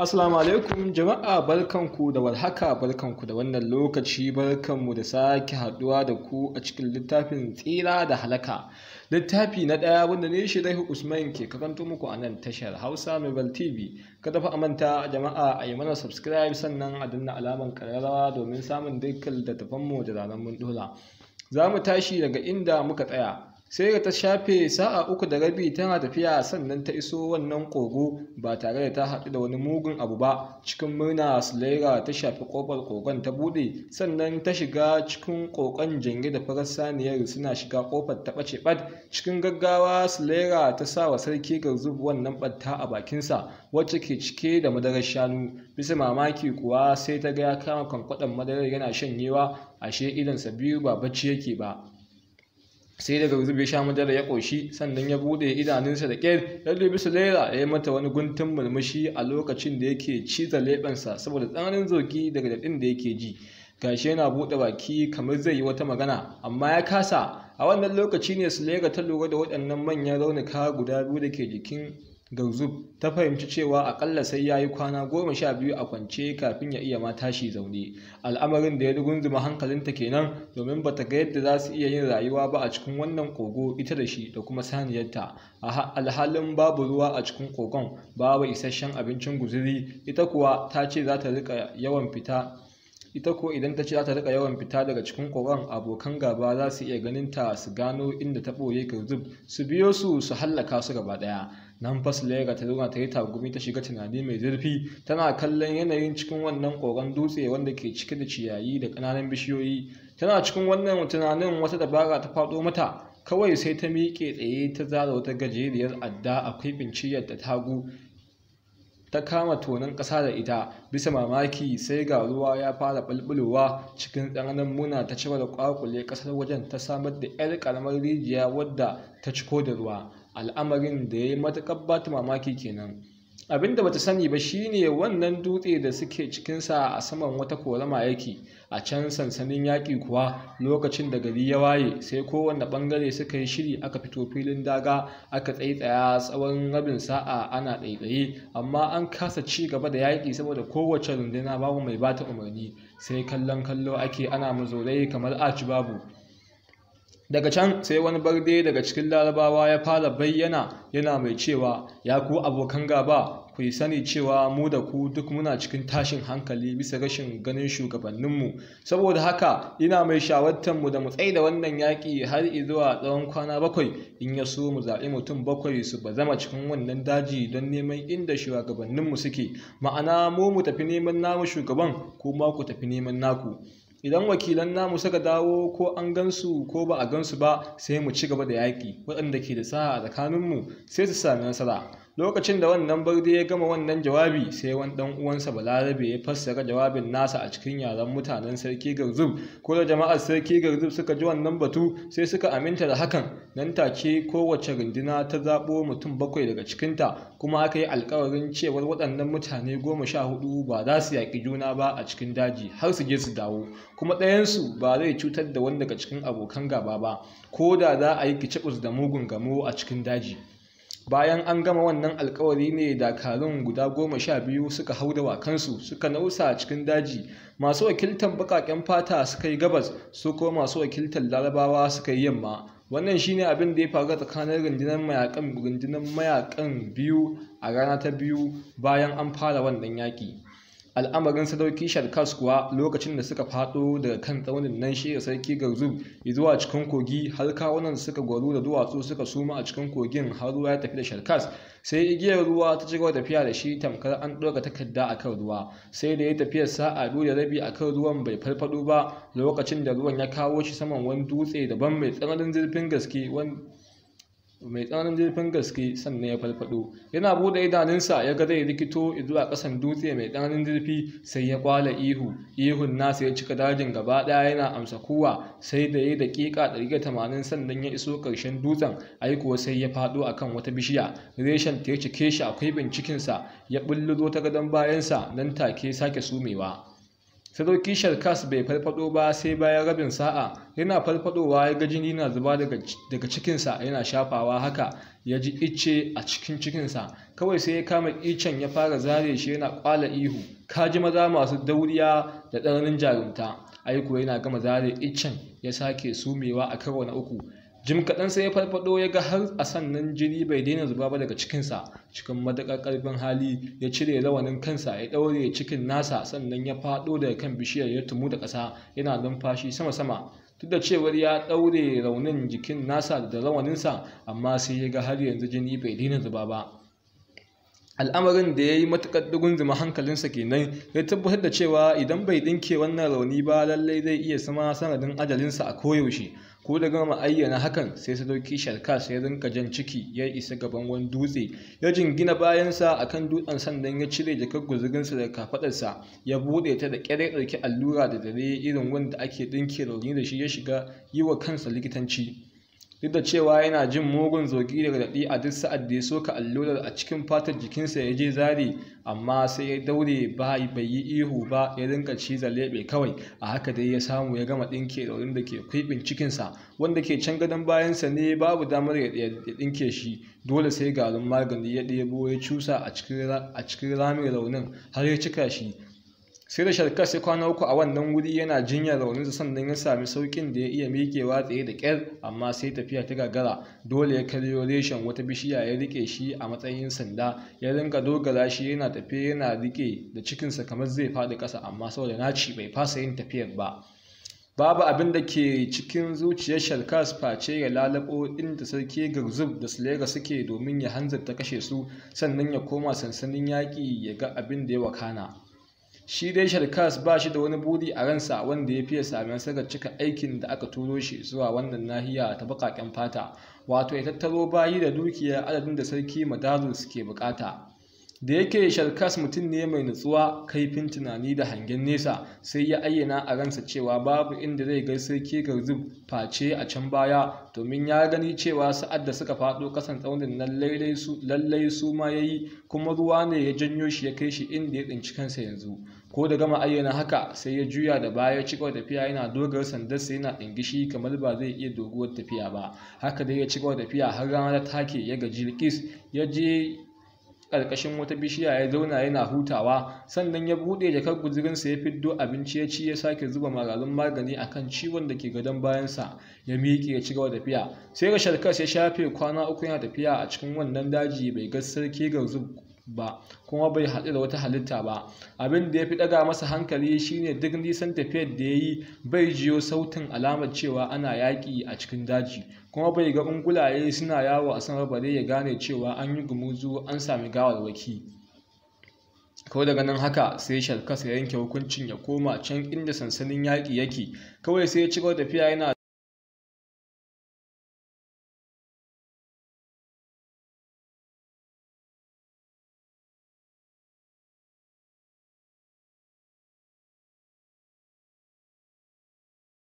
Assalamu alaikum jama'a barkanku da warhaka barkanku da wannan lokaci barkanmu da sake haduwa da ku a cikin littafin tsira da halaka littafi na ɗaya wanda ne shi dai Usman ke karanto muku a nan tashar Hausa Mobil TV ka fa a manta jama'a a yi mana subscribe sannan a danna alamar kararrawa domin samun dukkan da littattafan mu da ranar mun dola za mu tashi daga inda muka tsaya sai da ta shafe sa'a uku da rabi tana tafiya sannan ta iso wannan kogo ba tare da ta haɗu da wani mugun abu ba cikin murna sulaira ta shafi ƙofar kogon ta buɗe sannan ta shiga cikin ƙoƙon jange da farar saniyar suna shiga ƙofar ta ɓace ɓat cikin gaggawa sulaira ta sa wa sarki garzub wannan ɓatta a bakinsa wacce ke cike da madarar shanu bisa mamaki kuwa sai ta ga ya kama kwankwaɗon madarar yana shanyewa ashe idonsa biyu ba bacci yake ba sai daga ya sha madara ya ƙoshi sannan ya buɗe idanunsa da ƙyar ya dubi Sulaila ya mata wani guntun murmushi a lokacin da yake ciza leɓensa saboda tsananin zogi daga daɗin da yake ji gashi yana buɗe baki kamar zai yi wata magana amma ya kasa a wannan lokaci ne Sulaila ta lura da waɗannan manyan raunuka guda biyu da ke jikin Gauzub ta fahimci cewa akalla sai ya yi kwana goma sha biyu a kwance kafin ya iya ma tashi zaune. Al'amarin da ya dugunzuma hankalinta kenan domin ba ta ga yadda za su iya yin rayuwa ba a cikin wannan kogo ita da shi da kuma saniyarta. a Alhalin babu ruwa a cikin kogon, babu isasshen abincin guzuri, ita kuwa ta ce za ta riƙa yawan fita ita ko idan ta ce za ta rika yawan fita daga cikin ƙoran, abokan gaba za su iya ganin ta su gano inda ta ɓoye zub su biyo su su hallaka su gaba ɗaya nan fas lega ta zauna ta yi tagumi ta shiga tunani mai zurfi tana kallon yanayin cikin wannan ƙoran dutse wanda ke cike da ciyayi da ƙananan bishiyoyi tana cikin wannan tunanin wata dabara ta faɗo mata kawai sai ta miƙe tsaye ta zara wata gajeriyar adda akwai kwaifin ciyar da tagu ta kama tonon ƙasa da ita bisa mamaki sai ga ruwa ya fara bulbulowa cikin tsananin muna ta cire da ƙwaƙule ƙasar wajen ta samar da 'yar ƙaramar rijiya wadda ta ciko da ruwa al'amarin da ya yi matuƙar ba ta mamaki kenan abin da bata sani ba shine wannan dutse da suke cikinsa a saman wata korama yake a can sansanin yaƙi kuwa lokacin da gari ya waye sai kowanne ɓangare suka yi shiri aka fito filin daga aka tsaitsaya tsawon rabin sa'a ana ɗaiɗaye, amma an kasa ci gaba da yaƙi saboda kowace runduna babu mai bata umarni sai kallon kallo ake ana mazorai kamar aci babu daga can sai wani barde daga cikin larabawa ya fara bayyana yana mai cewa ya ku abokan gaba ku yi sani cewa mu da ku duk muna cikin tashin hankali bisa rashin ganin shugabanninmu saboda haka ina mai mu da mu tsaye da wannan yaƙi har zuwa tsawon kwana bakwai in ya so mu zaɓi mutum bakwai su ba zama cikin wannan daji don neman inda shugabanninmu suke ma'ana mu mu tafi neman namu shugaban ko ma ku tafi neman naku idan wakilan namu suka dawo ko an gansu ko ba a gansu ba sai mu ci gaba da yaƙi waɗanda ke da sa'a tsakaninmu sai su sami nasara lokacin da wannan barde ya gama wannan jawabi sai wani dan uwansa balarabe ya fassara jawabin nasa a cikin yaren mutanen sarki garzub ko da jama'ar sarki garzub suka ji wannan batu sai suka aminta da hakan nan take kowace rundina ta zaɓo mutum bakwai daga cikinta kuma aka yi alkawarin cewar waɗannan mutane goma sha hudu ba za su yaƙi juna ba a cikin daji har su je su dawo kuma ɗayansu ba zai cutar da wani daga cikin abokan gaba ba ko da za a yi kicibus da mugun gamo a cikin daji bayan an gama wannan alkawari ne dakarun guda goma sha biyu suka hau da wakansu, suka nausa cikin daji masu wakiltar baƙaƙen fata suka yi gabas su ko masu wakiltar larabawa suka yi yamma wannan shine abin da ya faru tsakanin rundunar mayakan biyu a rana ta biyu bayan an fara wannan yaƙi al'amarin sadauki shalkas kuwa lokacin da suka fado daga kan tsaunin nan shi da sarki garzub zuwa cikin kogi har kawunan suka gwaru da duwatsu suka suma a cikin kogin har ruwa ya tafi da shalkas sai igiyar ruwa ta ci gaba tafiya da shi tamkar an ɗauka takarda a kan ruwa sai da ya tafiyar sa biyu da rabi a kan ruwan bai farfaɗo ba lokacin da ruwan ya kawo shi saman wani dutse daban mai tsananin zurfin gaske mai tsananin zurfin gaske sannan ya farfado yana bude idanunsa ya ga zai rikito zuwa kasan dutse mai tsananin zurfi sai ya kwala ihu ihun nasa ya cika dajin gaba daya yana amsa kowa sai da ya dakika 180 sannan ya iso karshen dutsen aikuwa sai ya fado akan wata bishiya reshen ta ya cike shi akwai bincikinsa ya bullo ta gadon bayansa nan take sake sumewa Sadauki Sharkas bai farfado ba sai bayan rabin sa'a yana farfadowa ya ga jini na zuba daga cikinsa yana shafawa haka ya ji icce a cikin cikinsa kawai sai ya kama icen ya fara zare shi yana kwala ihu kaji maza masu dauriya da tsananin jarumta aiko yana gama zare icen ya sake sumewa a karo na uku jim kaɗan sai ya farfaɗo ya ga har a sannan jini bai daina zuba ba daga cikinsa cikin madaƙar ƙarfin hali ya cire rawanin kansa ya ɗaure cikin nasa sannan ya faɗo daga kan bishiyar ya tumu da ƙasa yana numfashi sama-sama duk da cewar ya ɗaure raunin jikin nasa da rawaninsa amma sai ya ga har yanzu jini bai daina zuba ba al'amarin da ya yi matuƙar dugun zuma hankalinsa kenan ya tabbatar da cewa idan bai ɗinke wannan rauni ba lallai zai iya sama sanadin ajalinsa a koyaushe ko da gama ayyana hakan sai su sadauki shalkas ya rinka jan ciki ya isa gaban wani dutse ya jingina bayansa a kan dutsen sandan, ya cire jakar guzurinsa daga kafaɗarsa ya buɗe ta da ƙyar ɗauki allura da dare irin wanda ake ɗinke rauni da shi ya shiga yi wa kansa likitanci duk da cewa yana jin mugun zogi daga daɗi a duk sa'ad da ya soka allurar a cikin fatar jikinsa ya je zari amma sai ya daure ba bai yi ihu ba ya rinka ciza leɓe kawai a haka dai ya samu ya gama ɗinke raunin da ke kwiɓin cikinsa wanda ke can gadon bayansa ne babu damar ya ɗinke shi dole sai garin magani ya ɗebo ya cusa a cikin ramin raunin har ya cika shi sai da sharkar sai kwana uku a wannan wuri yana jinyar rauninsa sannan ya sami saukin da ya iya miƙewa tsaye da ƙyar amma sai tafiya ta gagara dole ya karyo reshen wata bishiya ya rike shi a matsayin sanda ya rinka dogara shi yana tafe yana rike da cikinsa kamar zai fadi kasa amma saboda naci bai fasa yin tafiyar ba babu abin da ke cikin zuciyar shalkas face ya lalabo inda sarki garzub da sulega suke domin ya hanzarta kashe su sannan ya koma sansanin yaƙi ya ga abin da ya wakana shi dai sharkas ba shi da wani buri a ransa wanda ya fiye sami nasarar cika aikin da aka turo shi zuwa wannan nahiya ta baƙaƙen fata wato ya tattaro bayi da dukiyar adadin da sarki madarus ke bukata da yake shalkas mutum ne mai nutsuwa kaifin tunani da hangen nesa sai ya ayyana a ransa cewa babu inda zai ga ke garzub face a can baya domin ya gani cewa sa'ad da suka faɗo kasan tsaunin nan lallai su ma ya yi kuma ruwa ne ya janyo shi ya kai shi inda ya tsinci kansa yanzu ko da gama ayyana haka sai ya juya da baya ya ci gaba tafiya yana dogar sandarsa yana ɗingishi kamar ba zai iya doguwar tafiya ba haka dai ya ci gaba tafiya har rana ta take ya gaji rikis ya je ƙarƙashin wata bishiya ya zauna yana hutawa sannan ya buɗe jakar guzurinsa ya fiddo abinci ya ci ya sake zuba mararin magani a kan ciwon da ke gadon bayansa ya miƙe ya ci gaba tafiya sai rashar kas ya shafe kwana uku yana tafiya a cikin wannan daji bai ga sarki garzub ba kuma bai haɗu da wata halitta ba abin da ya fi ɗaga masa hankali shine duk nisan tafiyar da ya yi bai jiyo sautin alamar cewa ana yaƙi a cikin daji kuma bai ga ungulaye suna yawo a sama bare ya gane cewa an yi gumuzu an sami gawarwaki kawai daga nan haka sai shalkasa ya yanke hukuncin ya koma can inda sansanin yaƙi yake kawai sai ya ci gaba tafiya yana